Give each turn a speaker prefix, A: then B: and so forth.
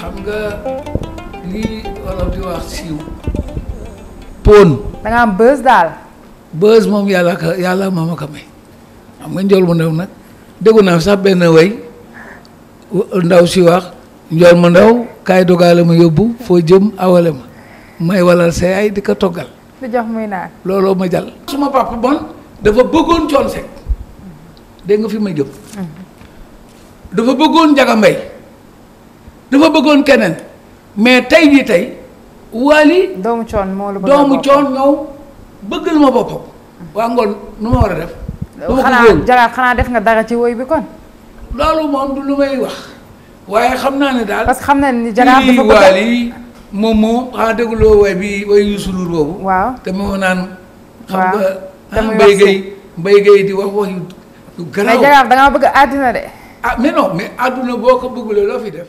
A: xam nga lii wolof di wax siiw.
B: pon da nga am bës daal. bës moom yàlla ka yàlla moom a ko xam nga njool mu si wax njool mu ndaw kaay dogaale ma foo jëm awale ma may walal sa
C: suma papa bon dafa bëggoon
B: coon dégg nga fi ma jëm. Mhm. dafa bëggoon Njaga dafa bëggoon keneen mais tey jii tey Wally
D: doomu coon moo la doomu ma boppam waa ngoon nu ma war a def xanaa xanaa def nga dara ci woy bi kon loolu moom du lu may wax waaye xam naa ne daal parce que xam na ni jaraaf dafa bëgg Wally
B: moom moom xanaa ah, dégguloo naan xam nga ah, di wax wax yu
A: bëgg
D: àddina de
B: ah mais àdduna boo ko
A: bëggulee loo fi def